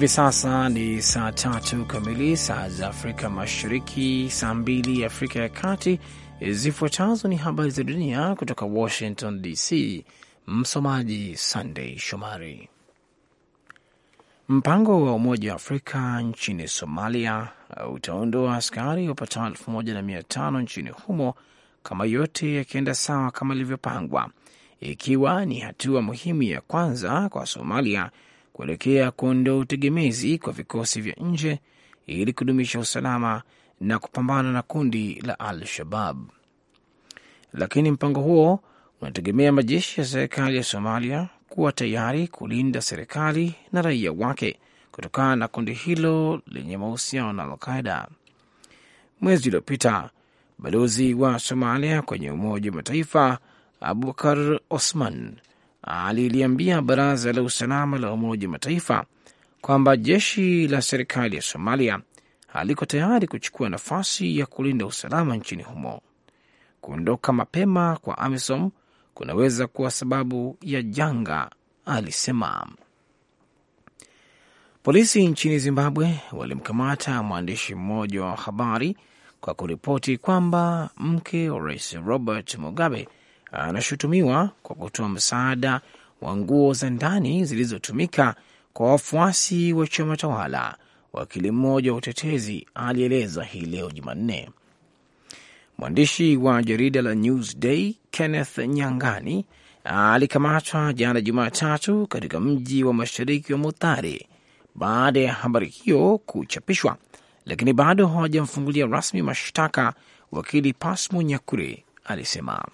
Hivi sasa ni saa tatu kamili saa za Afrika Mashariki, saa mbili Afrika ya Kati. Zifuatazo ni habari za dunia kutoka Washington DC. Msomaji Sandei Shomari. Mpango wa Umoja wa Afrika nchini Somalia uh, utaondoa askari wapatao elfu moja na mia tano nchini humo kama yote yakienda sawa kama ilivyopangwa, ikiwa ni hatua muhimu ya kwanza kwa Somalia kuelekea kuondoa utegemezi kwa vikosi vya nje ili kudumisha usalama na kupambana na kundi la Al-Shabab. Lakini mpango huo unategemea majeshi ya serikali ya Somalia kuwa tayari kulinda serikali na raia wake kutokana na kundi hilo lenye mahusiano na Alqaida. Mwezi uliopita balozi wa Somalia kwenye Umoja wa Mataifa Abubakar Osman aliliambia baraza la usalama la Umoja wa Mataifa kwamba jeshi la serikali ya Somalia haliko tayari kuchukua nafasi ya kulinda usalama nchini humo. Kuondoka mapema kwa AMISOM kunaweza kuwa sababu ya janga, alisema. Polisi nchini Zimbabwe walimkamata mwandishi mmoja wa habari kwa kuripoti kwamba mke wa rais Robert Mugabe anashutumiwa kwa kutoa msaada wa nguo za ndani zilizotumika kwa wafuasi wa chama tawala. Wakili mmoja wa utetezi alieleza hii leo Jumanne. Mwandishi wa jarida la Newsday Kenneth Nyangani alikamatwa jana Jumatatu katika mji wa mashariki wa Mutare baada ya habari hiyo kuchapishwa, lakini bado hawajamfungulia rasmi mashtaka, wakili Pasmo Nyakure alisema.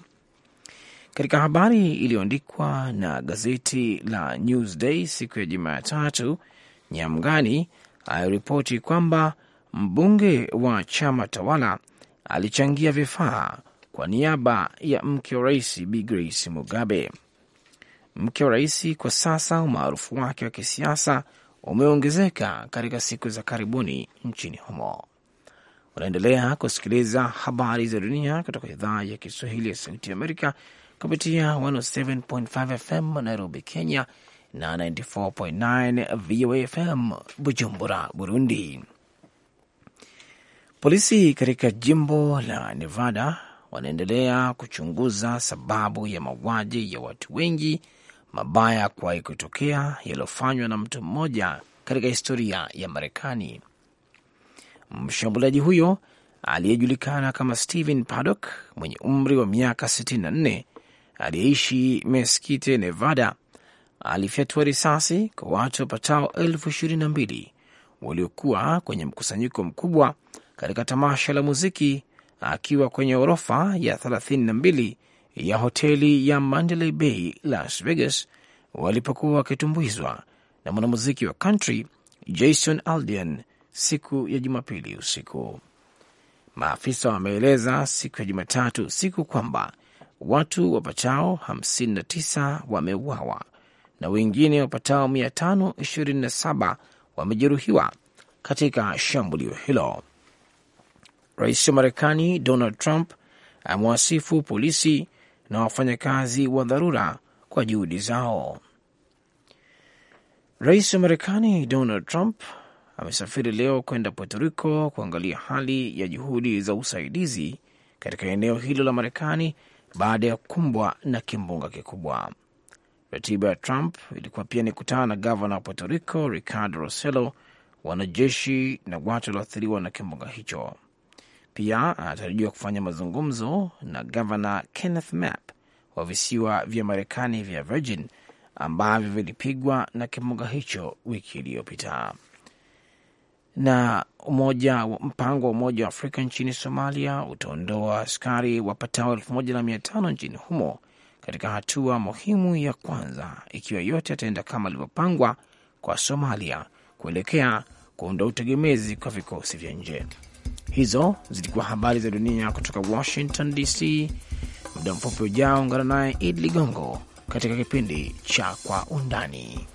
Katika habari iliyoandikwa na gazeti la Newsday siku ya Jumatatu, Nyamgani aliripoti kwamba mbunge wa chama tawala alichangia vifaa kwa niaba ya mke wa rais Bi Grace Mugabe. Mke wa rais kwa sasa, umaarufu wake wa kisiasa umeongezeka katika siku za karibuni nchini humo. Unaendelea kusikiliza habari za dunia kutoka idhaa ya Kiswahili ya Sauti Amerika kupitia 107.5 FM Nairobi, Kenya na 94.9 VOA FM Bujumbura, Burundi. Polisi katika jimbo la Nevada wanaendelea kuchunguza sababu ya mauaji ya watu wengi mabaya kuwahi kutokea yaliyofanywa na mtu mmoja katika historia ya Marekani. Mshambuliaji huyo aliyejulikana kama Stephen Paddock mwenye umri wa miaka 64 aliyeishi Mesquite, Nevada, alifyatua risasi kwa watu wapatao elfu ishirini na mbili waliokuwa kwenye mkusanyiko mkubwa katika tamasha la muziki akiwa kwenye ghorofa ya 32 ya hoteli ya Mandalay Bay, Las Vegas, walipokuwa wakitumbuizwa na mwanamuziki wa country Jason Aldean siku ya Jumapili usiku. Maafisa wameeleza siku ya Jumatatu usiku kwamba watu wapatao 59 wameuawa na wengine wapatao 527 wamejeruhiwa katika shambulio hilo. Rais wa Marekani Donald Trump amewasifu polisi na wafanyakazi wa dharura kwa juhudi zao. Rais wa Marekani Donald Trump amesafiri leo kwenda Puerto Rico kuangalia hali ya juhudi za usaidizi katika eneo hilo la Marekani baada ya kukumbwa na kimbunga kikubwa. Ratiba ya Trump ilikuwa pia ni kutana na gavana wa Puerto Rico Ricardo Rossello, wanajeshi na watu walioathiriwa na kimbunga hicho. Pia anatarajiwa kufanya mazungumzo na gavana Kenneth Mapp wa visiwa vya Marekani vya Virgin ambavyo vilipigwa na kimbunga hicho wiki iliyopita na umoja, mpango wa Umoja wa Afrika nchini Somalia utaondoa askari wapatao elfu moja na mia tano nchini humo katika hatua muhimu ya kwanza, ikiwa yote yataenda kama ilivyopangwa kwa Somalia kuelekea kuondoa utegemezi kwa vikosi vya nje. Hizo zilikuwa habari za dunia kutoka Washington DC. Muda mfupi ujao, ungana naye Id Ligongo katika kipindi cha Kwa Undani.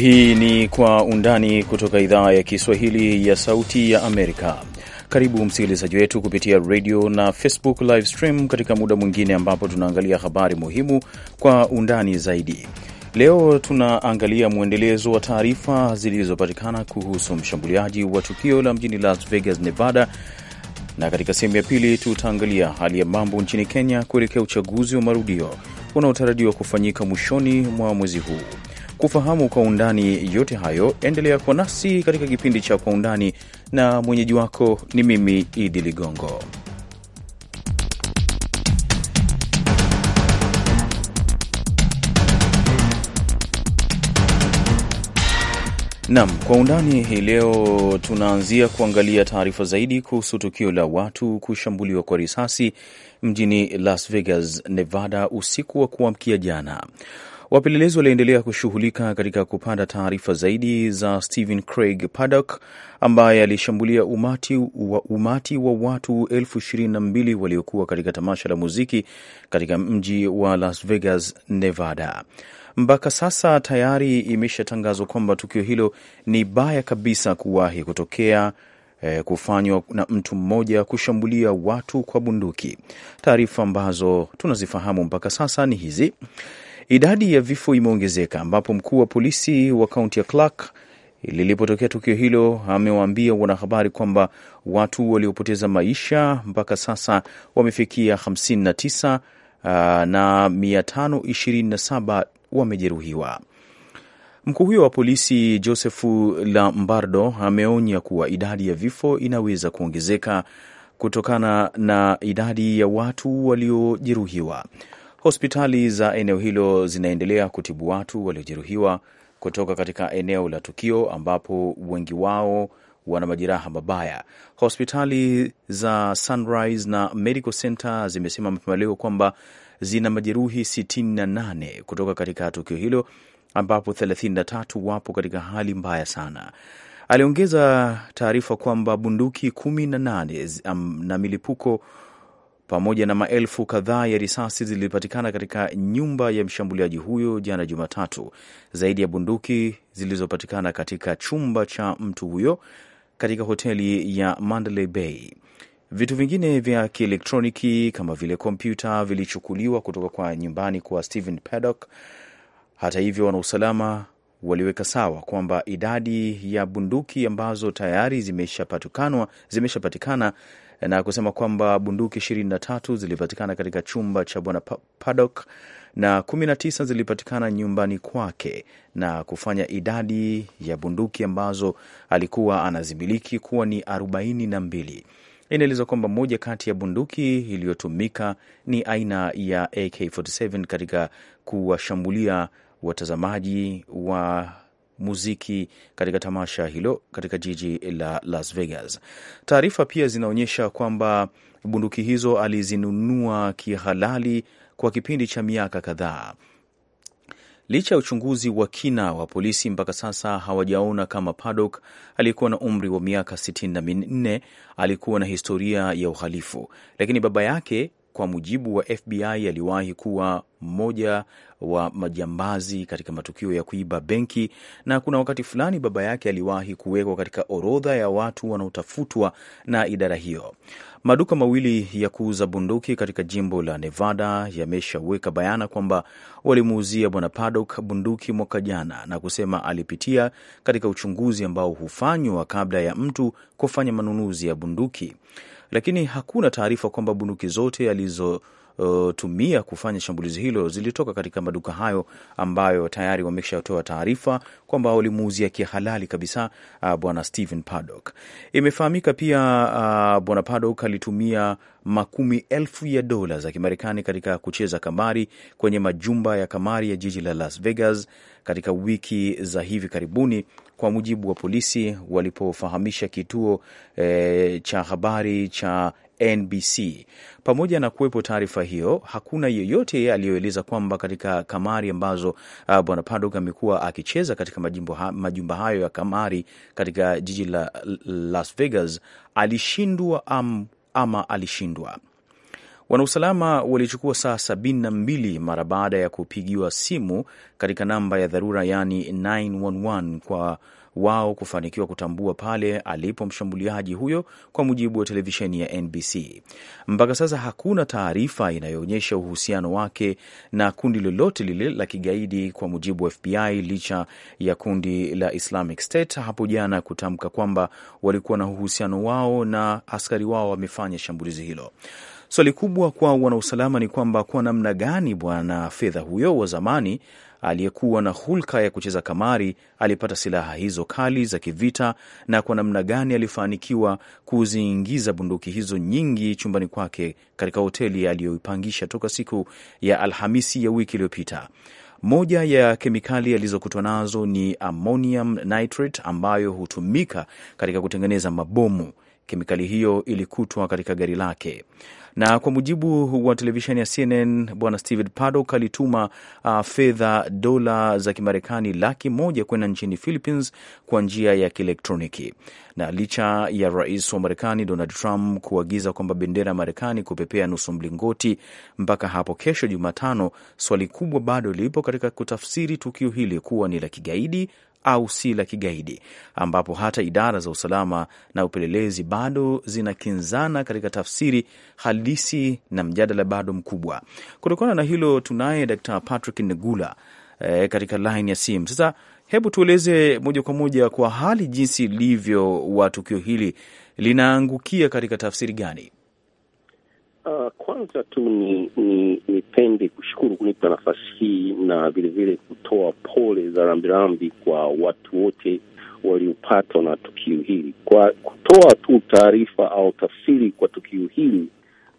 Hii ni Kwa Undani kutoka idhaa ya Kiswahili ya Sauti ya Amerika. Karibu msikilizaji wetu kupitia radio na Facebook live stream katika muda mwingine ambapo tunaangalia habari muhimu kwa undani zaidi. Leo tunaangalia mwendelezo wa taarifa zilizopatikana kuhusu mshambuliaji wa tukio la mjini Las Vegas, Nevada, na katika sehemu ya pili tutaangalia hali ya mambo nchini Kenya kuelekea uchaguzi wa marudio unaotarajiwa kufanyika mwishoni mwa mwezi huu. Kufahamu kwa undani yote hayo, endelea kuwa nasi katika kipindi cha Kwa Undani, na mwenyeji wako ni mimi Idi Ligongo. Nam, kwa undani hii leo tunaanzia kuangalia taarifa zaidi kuhusu tukio la watu kushambuliwa kwa risasi mjini Las Vegas, Nevada usiku wa kuamkia jana. Wapelelezi waliendelea kushughulika katika kupata taarifa zaidi za Stephen Craig Paddock ambaye alishambulia umati wa, umati wa watu elfu ishirini na mbili waliokuwa katika tamasha la muziki katika mji wa Las Vegas, Nevada. Mpaka sasa tayari imeshatangazwa kwamba tukio hilo ni baya kabisa kuwahi kutokea eh, kufanywa na mtu mmoja kushambulia watu kwa bunduki. Taarifa ambazo tunazifahamu mpaka sasa ni hizi. Idadi ya vifo imeongezeka ambapo mkuu wa polisi wa kaunti ya Clark lilipotokea tukio hilo amewaambia wanahabari kwamba watu waliopoteza maisha mpaka sasa wamefikia 59 na 527 ah, wamejeruhiwa. Mkuu huyo wa polisi Josefu lambardo ameonya kuwa idadi ya vifo inaweza kuongezeka kutokana na idadi ya watu waliojeruhiwa. Hospitali za eneo hilo zinaendelea kutibu watu waliojeruhiwa kutoka katika eneo la tukio ambapo wengi wao wana majeraha mabaya. Hospitali za Sunrise na Medical Center zimesema mapema leo kwamba zina majeruhi 68 kutoka katika tukio hilo ambapo 33 wapo katika hali mbaya sana. Aliongeza taarifa kwamba bunduki 18 na milipuko pamoja na maelfu kadhaa ya risasi zilipatikana katika nyumba ya mshambuliaji huyo jana Jumatatu. Zaidi ya bunduki zilizopatikana katika chumba cha mtu huyo katika hoteli ya Mandalay Bay. Vitu vingine vya kielektroniki kama vile kompyuta vilichukuliwa kutoka kwa nyumbani kwa Stephen Paddock. Hata hivyo, wanausalama waliweka sawa kwamba idadi ya bunduki ambazo tayari zimeshapatikana zimeshapatikana na kusema kwamba bunduki ishirini na tatu zilipatikana katika chumba cha bwana Padok na 19 zilipatikana nyumbani kwake na kufanya idadi ya bunduki ambazo alikuwa anazimiliki kuwa ni 4 na mbili. Inaelezwa kwamba moja kati ya bunduki iliyotumika ni aina ya AK47 katika kuwashambulia watazamaji wa muziki katika tamasha hilo katika jiji la Las Vegas. Taarifa pia zinaonyesha kwamba bunduki hizo alizinunua kihalali kwa kipindi cha miaka kadhaa. Licha ya uchunguzi wa kina wa polisi, mpaka sasa hawajaona kama Padok aliyekuwa na umri wa miaka sitini na minne alikuwa na historia ya uhalifu, lakini baba yake kwa mujibu wa FBI aliwahi kuwa mmoja wa majambazi katika matukio ya kuiba benki, na kuna wakati fulani baba yake aliwahi kuwekwa katika orodha ya watu wanaotafutwa na idara hiyo. Maduka mawili ya kuuza bunduki katika jimbo la Nevada yameshaweka bayana kwamba walimuuzia Bwana Paddock bunduki mwaka jana, na kusema alipitia katika uchunguzi ambao hufanywa kabla ya mtu kufanya manunuzi ya bunduki lakini hakuna taarifa kwamba bunduki zote alizo waliotumia kufanya shambulizi hilo zilitoka katika maduka hayo ambayo tayari wameshatoa taarifa kwamba walimuuzia kihalali kabisa uh, bwana Stephen Paddock. Imefahamika pia uh, bwana Paddock alitumia makumi elfu ya dola za Kimarekani katika kucheza kamari kwenye majumba ya kamari ya jiji la Las Vegas katika wiki za hivi karibuni, kwa mujibu wa polisi walipofahamisha kituo eh, cha habari cha NBC. Pamoja na kuwepo taarifa hiyo, hakuna yeyote aliyoeleza kwamba katika kamari ambazo uh, bwana Padok amekuwa akicheza katika majimbo ha, majumba hayo ya kamari katika jiji la Las Vegas alishindwa am, ama alishindwa. Wanausalama walichukua saa sabini na mbili mara baada ya kupigiwa simu katika namba ya dharura, yani 911 kwa wao kufanikiwa kutambua pale alipo mshambuliaji huyo, kwa mujibu wa televisheni ya NBC. Mpaka sasa hakuna taarifa inayoonyesha uhusiano wake na kundi lolote lile la kigaidi, kwa mujibu wa FBI, licha ya kundi la Islamic State hapo jana kutamka kwamba walikuwa na uhusiano wao na askari wao wamefanya shambulizi hilo. Swali kubwa kwa wanausalama ni kwamba kwa namna gani bwana fedha huyo wa zamani aliyekuwa na hulka ya kucheza kamari alipata silaha hizo kali za kivita na kwa namna gani alifanikiwa kuziingiza bunduki hizo nyingi chumbani kwake katika hoteli aliyoipangisha toka siku ya Alhamisi ya wiki iliyopita. Moja ya kemikali alizokutwa nazo ni ammonium nitrate ambayo hutumika katika kutengeneza mabomu. Kemikali hiyo ilikutwa katika gari lake. Na kwa mujibu wa televisheni ya CNN, bwana Stephen Paddock alituma uh, fedha dola za Kimarekani laki moja kwenda nchini Philippines kwa njia ya kielektroniki. Na licha ya rais wa Marekani Donald Trump kuagiza kwamba bendera ya Marekani kupepea nusu mlingoti mpaka hapo kesho Jumatano, swali kubwa bado lipo katika kutafsiri tukio hili kuwa ni la kigaidi au si la kigaidi, ambapo hata idara za usalama na upelelezi bado zinakinzana katika tafsiri halisi na mjadala bado mkubwa. Kutokana na hilo, tunaye d Patrick Negula eh, katika line ya simu sasa. Hebu tueleze moja kwa moja kwa hali jinsi ilivyo wa tukio hili linaangukia katika tafsiri gani? Uh, kwanza tu ni, ni nipende kushukuru kunipa nafasi hii na vilevile kutoa pole za rambirambi kwa watu wote waliopatwa na tukio hili. Kwa kutoa tu taarifa au tafsiri kwa tukio hili,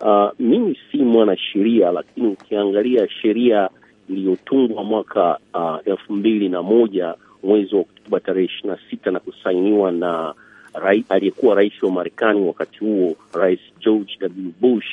uh, mimi si mwanasheria, lakini ukiangalia sheria iliyotungwa mwaka uh, elfu uh, mbili na moja mwezi wa Oktoba tarehe ishirini na sita na kusainiwa na aliyekuwa rais wa Marekani wakati huo, Rais George W. Bush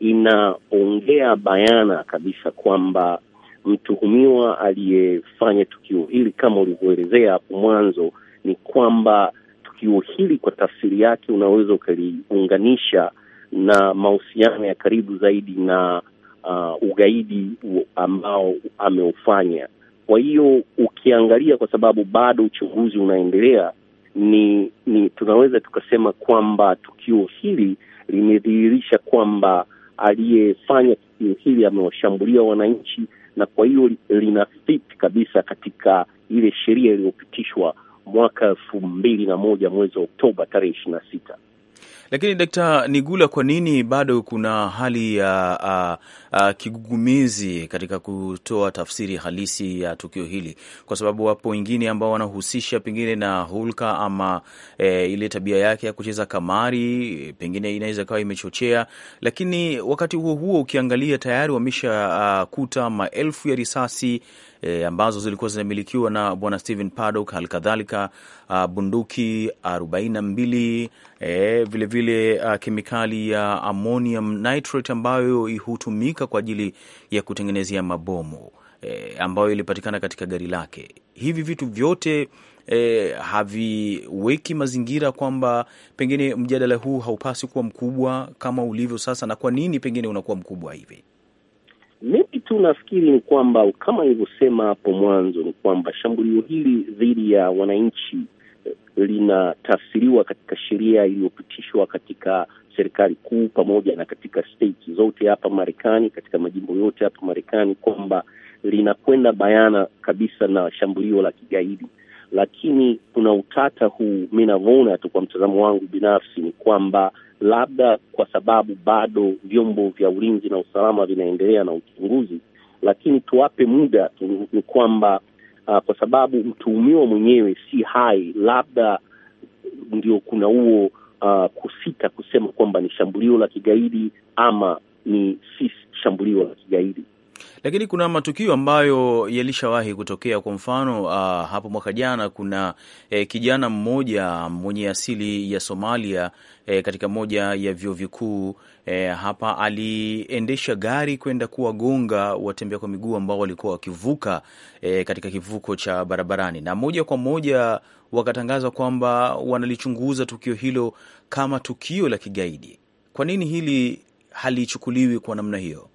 inaongea bayana kabisa kwamba mtuhumiwa aliyefanya tukio hili kama ulivyoelezea hapo mwanzo, ni kwamba tukio hili kwa tafsiri yake unaweza ukaliunganisha na mahusiano ya karibu zaidi na uh, ugaidi ambao ameufanya. Kwa hiyo ukiangalia, kwa sababu bado uchunguzi unaendelea, ni, ni tunaweza tukasema kwamba tukio hili limedhihirisha kwamba aliyefanya tukio hili amewashambulia wananchi, na kwa hiyo lina fit kabisa katika ile sheria iliyopitishwa mwaka elfu mbili na moja mwezi wa Oktoba tarehe ishirini na sita. Lakini Dkt. Nigula, kwa nini bado kuna hali ya uh, uh, uh, kigugumizi katika kutoa tafsiri halisi ya tukio hili? Kwa sababu wapo wengine ambao wanahusisha pengine na hulka ama eh, ile tabia yake ya kucheza kamari, pengine inaweza ikawa imechochea, lakini wakati huo huo ukiangalia tayari wameshakuta uh, maelfu ya risasi e, ambazo zilikuwa zinamilikiwa na bwana Stephen Paddock, uh, bunduki 42 e, vilevile uh, kemikali ya ammonium nitrate ambayo hutumika kwa ajili ya kutengenezea mabomu e, ambayo ilipatikana katika gari lake. Hivi vitu vyote E, haviweki mazingira kwamba pengine mjadala huu haupasi kuwa mkubwa kama ulivyo sasa, na kwa nini pengine unakuwa mkubwa hivi? kitu nafikiri ni kwamba kama nilivyosema hapo mwanzo, ni kwamba shambulio hili dhidi ya wananchi eh, linatafsiriwa katika sheria iliyopitishwa katika serikali kuu pamoja na katika state zote hapa Marekani, katika majimbo yote hapa Marekani, kwamba linakwenda bayana kabisa na shambulio la kigaidi lakini kuna utata huu. Mi navyoona tu kwa mtazamo wangu binafsi ni kwamba labda kwa sababu bado vyombo vya ulinzi na usalama vinaendelea na uchunguzi, lakini tuwape muda tu, ni kwamba uh, kwa sababu mtuhumiwa mwenyewe si hai, labda ndio kuna huo uh, kusita kusema kwamba ni shambulio la kigaidi ama ni si shambulio la kigaidi. Lakini kuna matukio ambayo yalishawahi kutokea. Kwa mfano uh, hapo mwaka jana kuna eh, kijana mmoja mwenye asili ya Somalia eh, katika moja ya vyuo vikuu eh, hapa aliendesha gari kwenda kuwagonga watembea kwa miguu ambao walikuwa wakivuka eh, katika kivuko cha barabarani, na moja kwa moja wakatangaza kwamba wanalichunguza tukio hilo kama tukio la kigaidi. Kwa nini hili halichukuliwi kwa namna hiyo?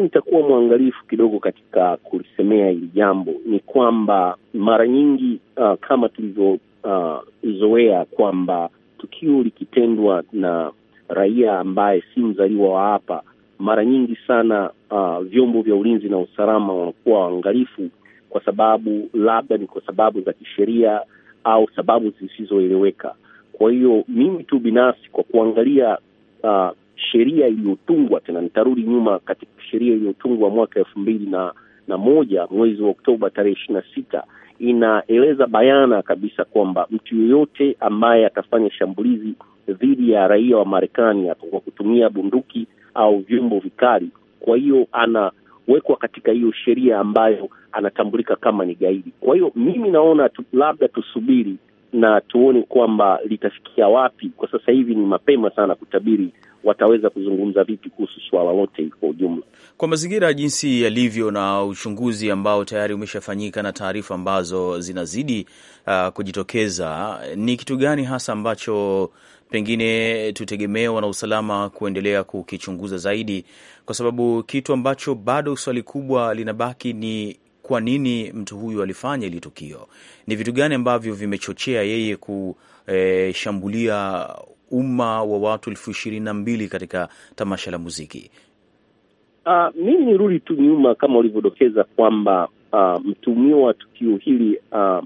tu nitakuwa mwangalifu kidogo katika kulisemea hili jambo ni kwamba mara nyingi uh, kama tulivyozoea uh, kwamba tukio likitendwa na raia ambaye si mzaliwa wa hapa, mara nyingi sana uh, vyombo vya ulinzi na usalama wanakuwa waangalifu, kwa sababu labda ni kwa sababu za kisheria au sababu zisizoeleweka. Kwa hiyo mimi tu binafsi kwa kuangalia uh, sheria iliyotungwa tena, nitarudi nyuma katika sheria iliyotungwa mwaka elfu mbili na na moja mwezi wa Oktoba tarehe ishirini na sita inaeleza bayana kabisa kwamba mtu yeyote ambaye atafanya shambulizi dhidi ya raia wa Marekani kwa kutumia bunduki au vyombo vikali, kwa hiyo anawekwa katika hiyo sheria ambayo anatambulika kama ni gaidi. Kwa hiyo mimi naona tu, labda tusubiri na tuone kwamba litafikia wapi. Kwa sasa hivi ni mapema sana kutabiri wataweza kuzungumza vipi kuhusu swala lote kwa ujumla, kwa mazingira jinsi yalivyo na uchunguzi ambao tayari umeshafanyika na taarifa ambazo zinazidi uh, kujitokeza. Ni kitu gani hasa ambacho pengine tutegemee wana usalama kuendelea kukichunguza zaidi, kwa sababu kitu ambacho bado swali kubwa linabaki ni kwa nini mtu huyu alifanya hili tukio? Ni vitu gani ambavyo vimechochea yeye kushambulia eh, umma wa watu elfu ishirini na mbili katika tamasha la muziki. Uh, mimi nirudi tu nyuma kama ulivyodokeza kwamba uh, mtumio wa tukio hili uh,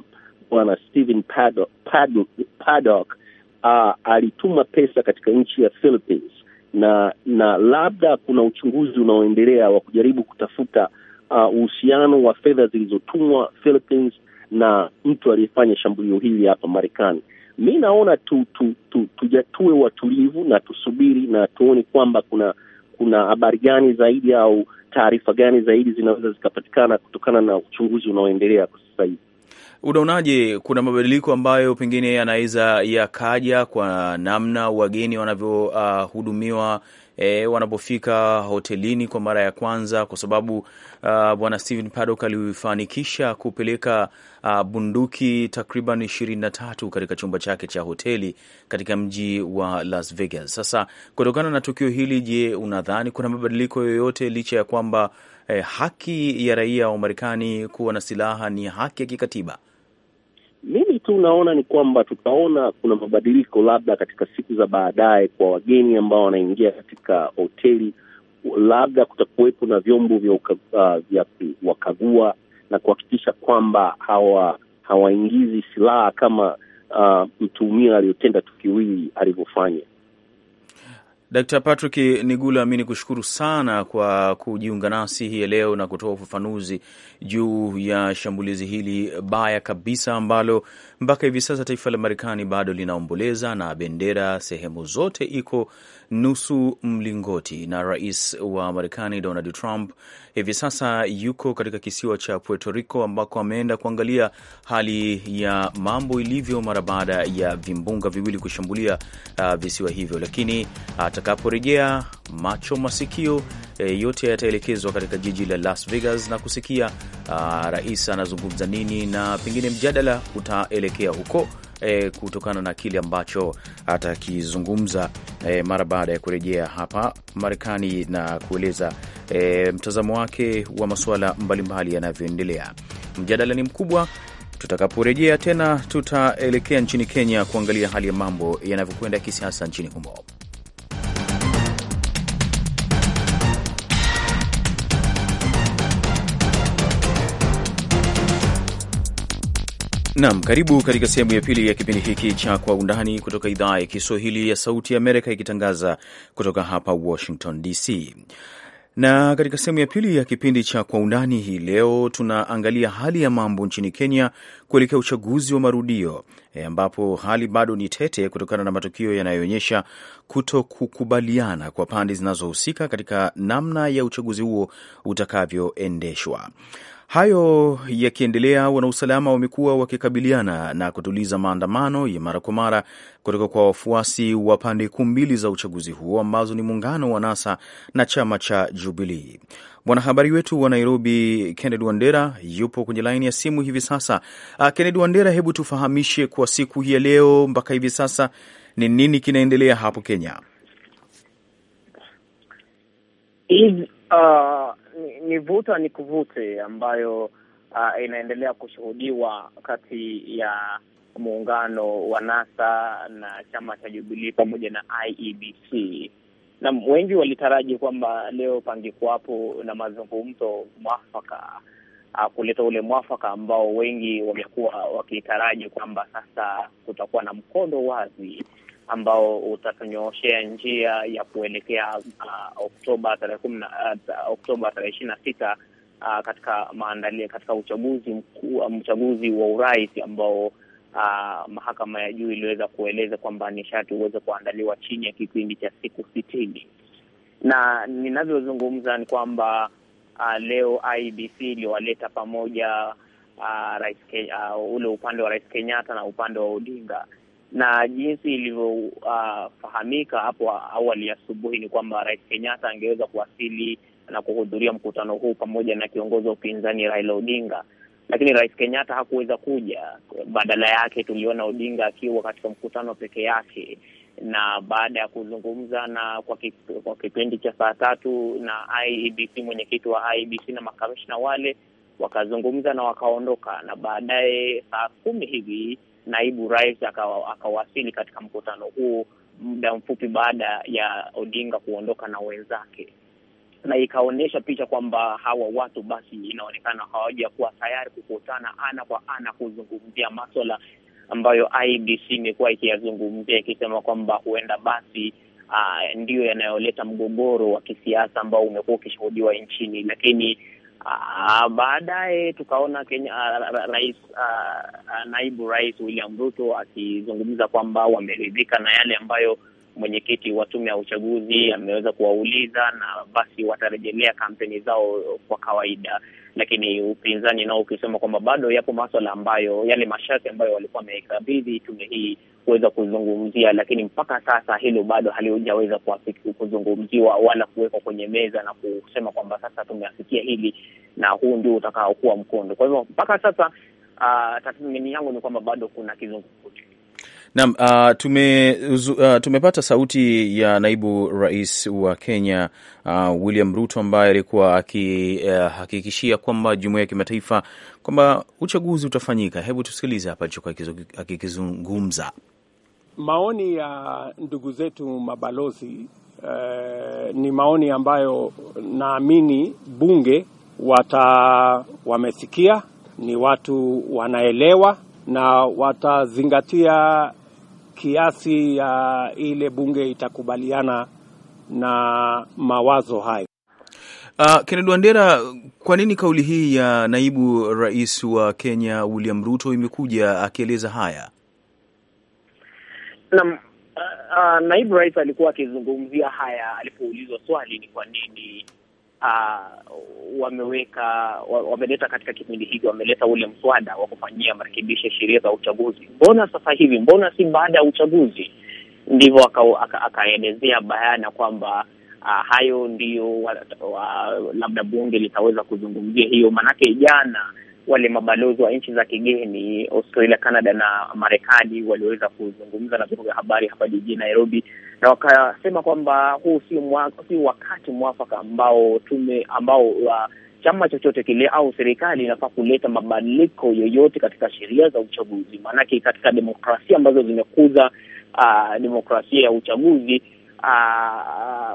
bwana Stephen Paddock, Paddock, Paddock uh, alituma pesa katika nchi ya Philippines na na labda kuna uchunguzi unaoendelea wa kujaribu kutafuta uhusiano wa fedha zilizotumwa Philippines na mtu aliyefanya shambulio hili hapa Marekani mi naona tu, tu, tu, tujatue watulivu na tusubiri na tuone kwamba kuna kuna habari gani zaidi au taarifa gani zaidi zinaweza zikapatikana kutokana na uchunguzi unaoendelea kwa sasa hivi. Unaonaje, kuna mabadiliko ambayo pengine yanaweza yakaja kwa namna wageni wanavyohudumiwa uh, e, wanapofika hotelini kwa mara ya kwanza, kwa sababu uh, bwana stehen Paddock alifanikisha kupeleka uh, bunduki takriban ishirini na tatu katika chumba chake cha hoteli katika mji wa Las Vegas. Sasa kutokana na tukio hili, je, unadhani kuna mabadiliko yoyote licha ya kwamba eh, haki ya raia wa Marekani kuwa na silaha ni haki ya kikatiba? Mimi tu naona ni kwamba tutaona kuna mabadiliko labda katika siku za baadaye kwa wageni ambao wanaingia katika hoteli, labda kutakuwepo na vyombo vya uh, kuwakagua wakagua na kuhakikisha kwamba hawa hawaingizi silaha kama uh, mtuhumiwa aliyotenda tukio hili alivyofanya. Dr. Patrick Nigula, mi ni kushukuru sana kwa kujiunga nasi hii ya leo na kutoa ufafanuzi juu ya shambulizi hili baya kabisa ambalo mpaka hivi sasa taifa la Marekani bado linaomboleza na bendera sehemu zote iko nusu mlingoti na rais wa Marekani Donald Trump hivi sasa yuko katika kisiwa cha Puerto Rico ambako ameenda kuangalia hali ya mambo ilivyo mara baada ya vimbunga viwili kushambulia uh, visiwa hivyo, lakini atakaporejea macho masikio e, yote yataelekezwa katika jiji la Las Vegas na kusikia uh, rais anazungumza nini na pengine mjadala utaelekea huko eh, kutokana na kile ambacho atakizungumza eh, mara baada ya kurejea hapa Marekani na kueleza eh, mtazamo wake wa masuala mbalimbali yanavyoendelea. Mjadala ni mkubwa. Tutakaporejea tena, tutaelekea nchini Kenya kuangalia hali ya mambo yanavyokwenda kisiasa nchini humo. Naam, karibu katika sehemu ya pili ya kipindi hiki cha Kwa Undani kutoka idhaa ya Kiswahili ya Sauti ya Amerika, ikitangaza kutoka hapa Washington DC. Na katika sehemu ya pili ya kipindi cha Kwa Undani hii leo tunaangalia hali ya mambo nchini Kenya kuelekea uchaguzi wa marudio e, ambapo hali bado ni tete kutokana na matukio yanayoonyesha kuto kukubaliana kwa pande zinazohusika katika namna ya uchaguzi huo utakavyoendeshwa. Hayo yakiendelea, wanausalama wamekuwa wakikabiliana na kutuliza maandamano ya mara kwa mara kutoka kwa wafuasi wa pande kuu mbili za uchaguzi huo ambazo ni muungano wa NASA na chama cha Jubilii. Mwanahabari wetu wa Nairobi, Kennedy Wandera, yupo kwenye laini ya simu hivi sasa. Ah, Kennedy Wandera, hebu tufahamishe kwa siku hii ya leo mpaka hivi sasa ni nini kinaendelea hapo Kenya? Is, uh ni vuta ni kuvute ambayo uh, inaendelea kushuhudiwa kati ya muungano wa NASA na chama cha jubilii pamoja na IEBC na wengi walitaraji kwamba leo pangekuwapo na mazungumzo mwafaka ah, kuleta ule mwafaka ambao wengi wamekuwa wakitaraji kwamba sasa kutakuwa na mkondo wazi ambao utatunyooshea njia ya kuelekea uh, Oktoba tarehe kumi na uh, Oktoba tarehe ishirini na sita uh, katika maandalia katika uchaguzi mkuu uchaguzi uh, wa urais ambao uh, mahakama ya juu iliweza kueleza kwamba ni sharti uweze kuandaliwa chini ya kipindi cha siku sitini na ninavyozungumza ni kwamba uh, leo IBC iliwaleta pamoja uh, rais uh, ule upande wa Rais Kenyatta na upande wa Odinga na jinsi ilivyofahamika uh, hapo awali asubuhi ni kwamba Rais Kenyatta angeweza kuwasili na kuhudhuria mkutano huu pamoja na kiongozi wa upinzani Raila Odinga, lakini Rais Kenyatta hakuweza kuja. Badala yake tuliona Odinga akiwa katika mkutano peke yake, na baada ya kuzungumza na kwa, kip, kwa kipindi cha saa tatu na IEBC, mwenyekiti wa IEBC na makamishna wale wakazungumza na wakaondoka, na baadaye saa kumi hivi naibu rais akawasili katika mkutano huu muda mfupi baada ya Odinga kuondoka na wenzake, na ikaonyesha picha kwamba hawa watu basi inaonekana hawajakuwa tayari kukutana ana kwa ana kuzungumzia maswala ambayo IBC e imekuwa ikiyazungumzia ikisema kwamba huenda basi Uh, ah, ndiyo yanayoleta mgogoro wa kisiasa ambao umekuwa ukishuhudiwa nchini, lakini Ah, baadaye tukaona Kenya ah, rais, ah, naibu rais William Ruto akizungumza kwamba wameridhika na yale ambayo mwenyekiti wa tume ya uchaguzi ameweza kuwauliza na basi watarejelea kampeni zao kwa kawaida lakini upinzani nao ukisema kwamba bado yapo maswala ambayo yale masharti ambayo walikuwa wameikabidhi tume hii kuweza kuzungumzia, lakini mpaka sasa hilo bado halijaweza kuzungumziwa wala kuwekwa kwenye meza na kusema kwamba sasa tumeafikia hili na huu ndio utakaokuwa mkondo. Kwa hivyo mpaka sasa, uh, tathmini yangu ni kwamba bado kuna kizungumkuti. Naam, uh, tume, uh, tumepata sauti ya naibu rais wa Kenya uh, William Ruto ambaye alikuwa akihakikishia uh, kwamba jumuia ya kimataifa kwamba uchaguzi utafanyika. Hebu tusikilize hapa alichokuwa akikizungumza. Maoni ya ndugu zetu mabalozi uh, ni maoni ambayo naamini bunge wata wamesikia, ni watu wanaelewa na watazingatia kiasi ya ile bunge itakubaliana na mawazo hayo. Uh, Kennedy Wandera, kwa nini kauli hii ya naibu rais wa Kenya William Ruto imekuja akieleza haya? Naam, uh, uh, naibu rais alikuwa akizungumzia haya alipoulizwa swali ni kwa nini uh, wameweka wameleta katika kipindi hiki, wameleta ule mswada wa kufanyia marekebisho sheria za uchaguzi. Mbona sasa hivi? Mbona si baada ya uchaguzi? Ndivyo akaelezea bayana kwamba uh, hayo ndiyo wa, wa, labda bunge litaweza kuzungumzia hiyo, maanake jana wale mabalozi wa nchi za kigeni Australia, Canada na Marekani waliweza kuzungumza na vyombo vya habari hapa jijini Nairobi, na wakasema kwamba huu si si wakati mwafaka ambao tume ambao uh, chama chochote kile au serikali inafaa kuleta mabadiliko yoyote katika sheria za uchaguzi. Maanake katika demokrasia ambazo zimekuza uh, demokrasia ya uchaguzi uh,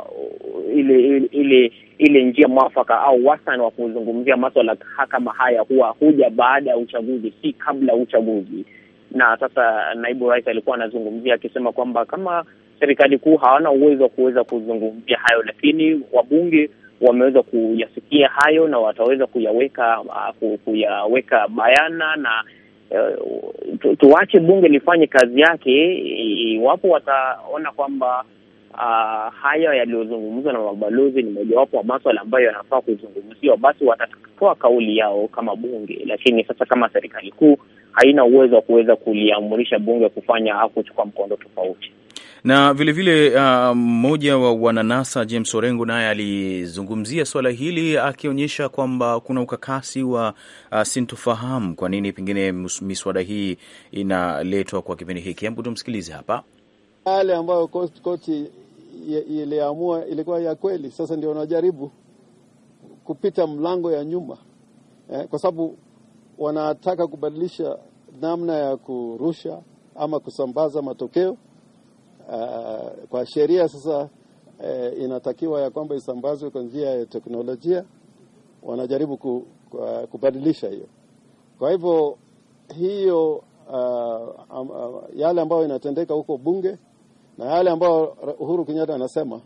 uh ile, ile ile ile njia mwafaka au wastani wa kuzungumzia maswala kama haya huwa huja baada ya uchaguzi, si kabla ya uchaguzi. Na sasa naibu rais alikuwa anazungumzia akisema kwamba kama serikali kuu hawana uwezo wa kuweza kuzungumzia hayo, lakini wabunge wameweza kuyasikia hayo na wataweza kuyaweka uh, kuyaweka bayana na uh, tuache bunge lifanye kazi yake. Iwapo wataona kwamba uh, haya yaliyozungumzwa na mabalozi ni mojawapo wa maswala ambayo yanafaa kuzungumziwa, basi watatoa kauli yao kama bunge. Lakini sasa kama serikali kuu haina uwezo wa kuweza kuliamrisha bunge kufanya au kuchukua mkondo tofauti na vilevile uh, mmoja uh, wa wananasa James Orengo naye alizungumzia swala hili akionyesha kwamba kuna ukakasi wa uh, sintofahamu kwa nini pengine miswada hii inaletwa kwa kipindi hiki. Hebu tumsikilize hapa. Yale ambayo koti iliamua ilikuwa ya kweli, sasa ndio wanajaribu kupita mlango ya nyuma eh, kwa sababu wanataka kubadilisha namna ya kurusha ama kusambaza matokeo uh, kwa sheria sasa uh, inatakiwa ya kwamba isambazwe kwa njia ya teknolojia. Wanajaribu ku, uh, kubadilisha hiyo. Kwa hivyo hiyo uh, um, uh, yale ambayo inatendeka huko bunge na yale ambayo Uhuru Kenyatta anasema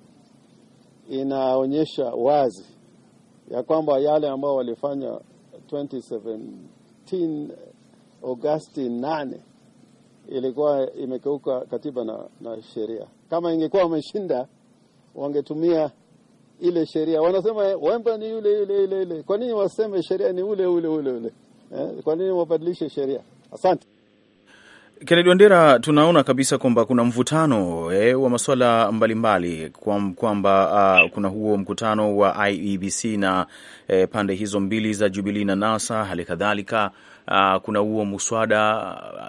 inaonyesha wazi ya kwamba yale ambayo walifanya 2017 Agosti 8 ilikuwa imekeuka katiba na, na sheria. Kama ingekuwa wameshinda, wangetumia ile sheria. Wanasema eh, Wemba ni yule yule yule yule, kwa nini waseme sheria ni ule ule ule ule eh? Kwa nini wabadilishe sheria? Asante. Kennedy Wandera, tunaona kabisa kwamba kuna mvutano eh, wa masuala mbalimbali kwamba kwa uh, kuna huo mkutano wa IEBC na eh, pande hizo mbili za Jubilee na NASA hali kadhalika uh, kuna huo muswada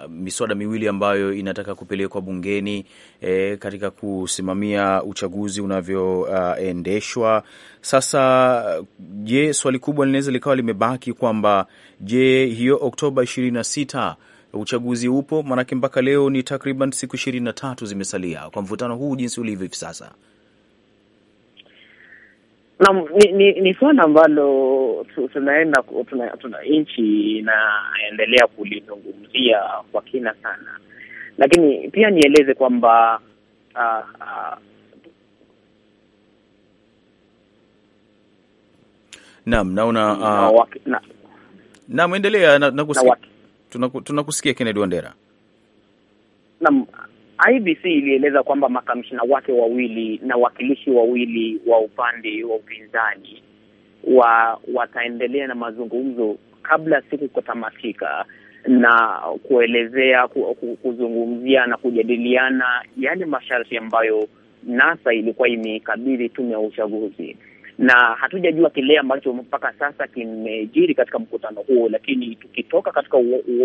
uh, miswada miwili ambayo inataka kupelekwa bungeni eh, katika kusimamia uchaguzi unavyoendeshwa. Ah, uh, sasa je, swali kubwa linaweza likawa limebaki kwamba je, hiyo Oktoba 26 uchaguzi upo? Maanake mpaka leo ni takriban siku ishirini na tatu zimesalia kwa mvutano huu jinsi ulivyo hivi sasa na ni, ni, ni suala ambalo tunaenda tuna, tuna nchi inaendelea kulizungumzia kwa kina sana, lakini pia nieleze kwamba uh, uh, naam, naona uh, na, naam, na, na, na, na tunakusikia tuna Kennedy Wandera. Naam, IBC ilieleza kwamba makamishina wake wawili na wakilishi wawili wa upande wa upinzani wa wataendelea na mazungumzo kabla siku kutamatika na kuelezea ku, ku, kuzungumzia na kujadiliana yale masharti ambayo NASA ilikuwa imeikabidhi tume ya uchaguzi na hatujajua kile ambacho mpaka sasa kimejiri katika mkutano huo, lakini tukitoka katika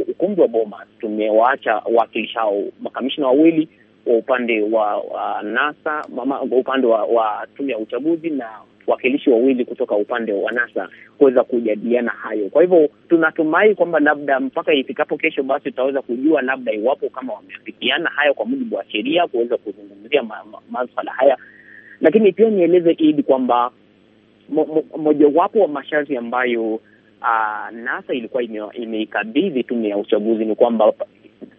ukumbi wa Bomas tumewaacha wawakilishi hao makamishina wawili wa upande wa, wa NASA mama, upande wa, wa tume ya uchaguzi na wakilishi wawili kutoka upande wa NASA kuweza kujadiliana hayo. Kwa hivyo tunatumai kwamba labda mpaka ifikapo kesho, basi tutaweza kujua labda iwapo kama wameafikiana hayo kwa mujibu wa sheria kuweza kuzungumzia maswala ma, ma, haya. Lakini pia nieleze Idi kwamba mojawapo wa masharti ambayo uh, NASA ilikuwa imeikabidhi tume ya uchaguzi ni kwamba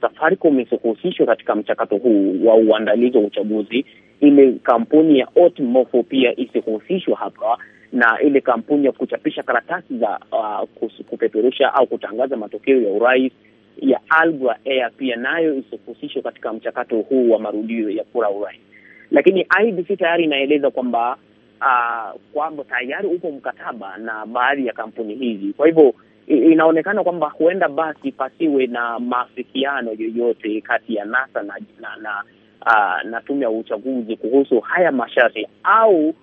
Safaricom isihusishwa katika mchakato huu wa uandalizi wa uchaguzi. Ile kampuni ya Otmofo pia isihusishwa hapa, na ile kampuni ya kuchapisha karatasi za uh, kupeperusha au kutangaza matokeo ya urais ya Algwa Air pia nayo isihusishwe katika mchakato huu wa marudio ya kura urais. Lakini IBC tayari inaeleza kwamba uh, kwamba tayari upo mkataba na baadhi ya kampuni hizi. Kwa hivyo inaonekana kwamba huenda basi pasiwe na maafikiano yoyote kati ya NASA na na, na, uh, na tume ya uchaguzi kuhusu haya masharti au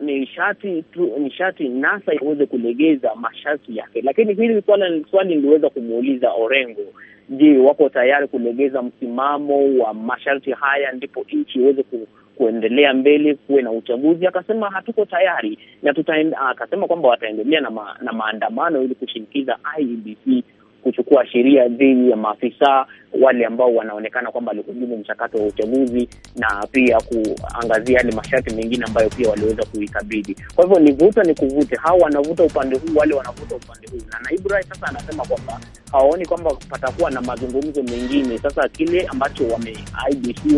ni sharti tu, ni sharti NASA iweze kulegeza masharti yake. Lakini hili swala swali niliweza kumuuliza Orengo Je, wako tayari kulegeza msimamo wa masharti haya ndipo nchi iweze ku, kuendelea mbele, kuwe na uchaguzi? Akasema hatuko tayari na tutaenda, akasema kwamba wataendelea na, ma, na maandamano ili kushinikiza IEBC kuchukua sheria dhidi ya maafisa wale ambao wanaonekana kwamba walihujumu mchakato wa uchaguzi na pia kuangazia yale masharti mengine ambayo pia waliweza kuikabidhi. Kwa hivyo ni vuta ni kuvute, hao wanavuta upande huu, wale wanavuta upande huu, na naibu rais sasa anasema kwamba hawaoni kwamba patakuwa na mazungumzo mengine. Sasa kile ambacho wame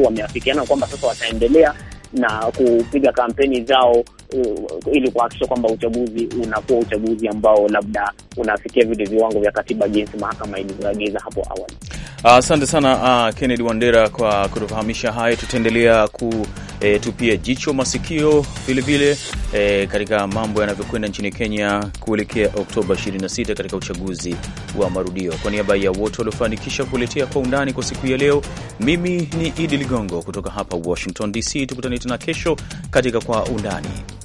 wameafikiana kwamba sasa wataendelea na kupiga kampeni zao uh, ili kuhakikisha kwamba uchaguzi unakuwa uchaguzi ambao labda unafikia vile viwango vya katiba jinsi mahakama ilivyoagiza hapo awali. Asante uh, sana uh, Kennedy Wandera kwa kutufahamisha hayo. Tutaendelea kutupia eh, e, jicho masikio vilevile e, eh, katika mambo yanavyokwenda nchini Kenya kuelekea Oktoba 26 katika uchaguzi wa marudio. Kwa niaba ya wote waliofanikisha kuletea kwa undani kwa siku ya leo, mimi ni Idi Ligongo kutoka hapa Washington DC. Tukutane tena kesho katika kwa undani.